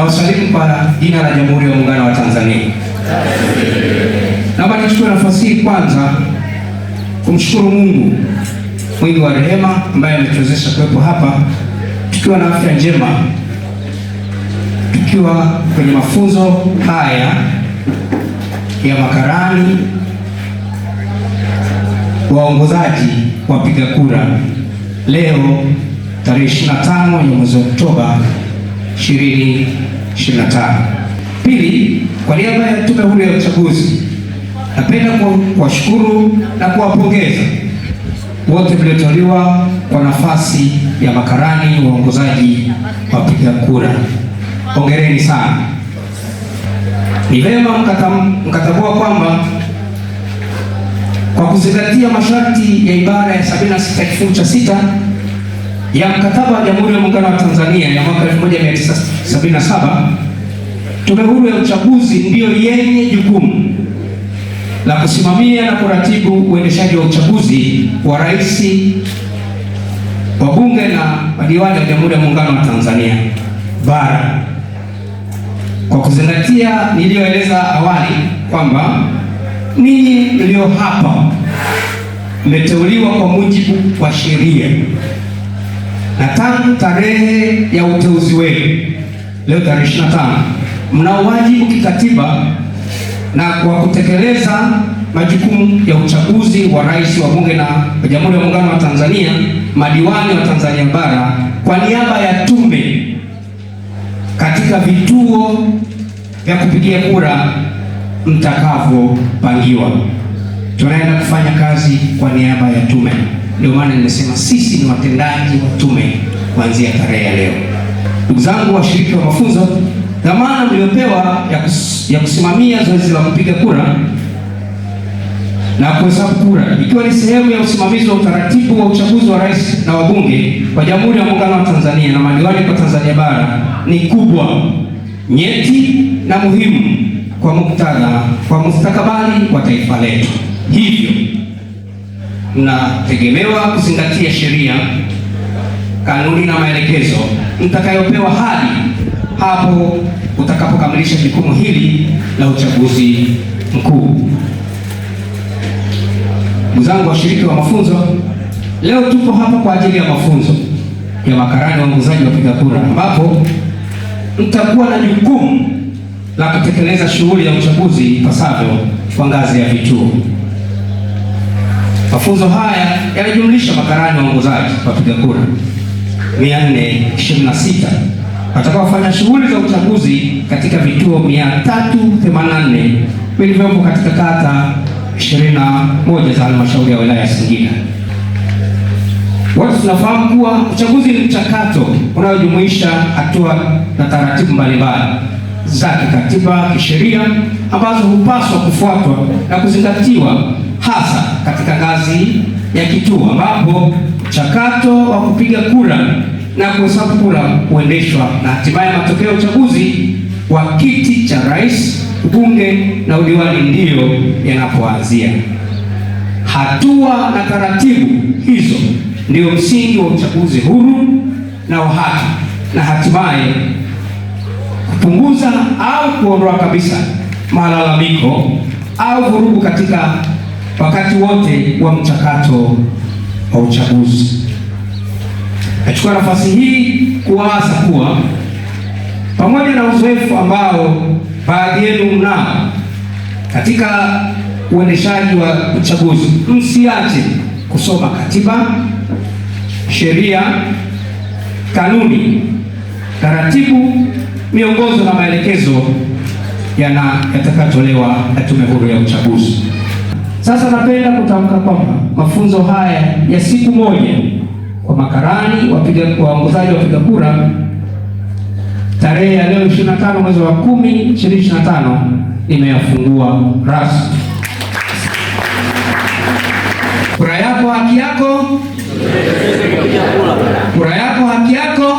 na wasalimu kwa jina la Jamhuri ya Muungano wa Tanzania. Naomba nichukue nafasi hii kwanza kumshukuru Mungu mwingi wa rehema ambaye ametuwezesha kuwepo hapa tukiwa na afya njema, tukiwa kwenye mafunzo haya ya makarani waongozaji wapiga kura leo tarehe 25 ya mwezi Oktoba 25. Pili, kwa niaba ya Tume Huru ya Uchaguzi napenda kuwashukuru na kuwapongeza wote mlioteuliwa kwa nafasi ya makarani waongozaji wapiga kura. Hongereni sana. Ni vema mkatambua kwamba kwa kuzingatia masharti ya ibara ya 76 kifungu cha sita ya mkataba wa Jamhuri ya Muungano wa Tanzania ya mwaka 1977, Tume Huru ya Uchaguzi ndiyo yenye jukumu la kusimamia na kuratibu uendeshaji wa uchaguzi wa rais, wabunge na madiwani wa Jamhuri ya Muungano wa Tanzania bara kwa kuzingatia niliyoeleza awali kwamba ninyi mlio hapa mmeteuliwa kwa mujibu wa sheria na tangu tarehe ya uteuzi wenu leo tarehe 25, mnao wajibu kikatiba na kwa kutekeleza majukumu ya uchaguzi wa rais wa bunge na Jamhuri ya Muungano wa Tanzania, madiwani wa Tanzania bara kwa niaba ya tume katika vituo vya kupigia kura mtakavyopangiwa. Tunaenda kufanya kazi kwa niaba ya tume. Ndio maana nimesema sisi ni watendaji wa tume kuanzia tarehe ya leo. Ndugu zangu washiriki wa mafunzo, dhamana mliopewa ya, kus, ya kusimamia zoezi la kupiga kura na kuhesabu kura ikiwa ni sehemu ya usimamizi wa utaratibu wa uchaguzi wa rais na wabunge kwa Jamhuri ya Muungano wa Tanzania na madiwani kwa Tanzania bara ni kubwa, nyeti na muhimu kwa muktadha, kwa mustakabali wa taifa letu. Hivyo mnategemewa kuzingatia sheria, kanuni na maelekezo mtakayopewa hadi hapo utakapokamilisha jukumu hili la uchaguzi mkuu. Ndugu zangu washiriki wa mafunzo, leo tupo hapa kwa ajili ya mafunzo ya makarani waongozaji wapiga kura, ambapo mtakuwa na jukumu la kutekeleza shughuli ya uchaguzi ipasavyo kwa ngazi ya vituo. Mafunzo haya yanajumlisha makarani waongozaji wapiga kura 426 watakaofanya shughuli za uchaguzi katika vituo 384 vilivyopo katika kata 21 za halmashauri ya wilaya ya Singida. Wote tunafahamu kuwa uchaguzi ni mchakato unayojumuisha hatua na taratibu mbalimbali za kikatiba, kisheria ambazo hupaswa kufuatwa na kuzingatiwa hasa katika ngazi ya kituo ambapo mchakato wa kupiga kura na kuhesabu kura kuendeshwa na hatimaye matokeo ya uchaguzi wa kiti cha rais, bunge na udiwani ndiyo yanapoanzia. Hatua na taratibu hizo ndio msingi wa uchaguzi huru na wa haki na hatimaye kupunguza au kuondoa kabisa malalamiko au vurugu katika wakati wote wa mchakato wa uchaguzi. Nachukua nafasi hii kuwaasa kuwa pamoja na uzoefu ambao baadhi yenu mnao katika uendeshaji wa uchaguzi, msiache kusoma katiba, sheria, kanuni, taratibu, miongozo na maelekezo yana yatakayotolewa na Tume Huru ya Uchaguzi. Sasa napenda kutamka kwamba mafunzo haya ya siku moja kwa makarani wapiga waongozaji wapiga kura tarehe ya leo 25 mwezi wa 10 2025 imeyafungua rasmi. Kura yako haki yako, kura yako haki yako.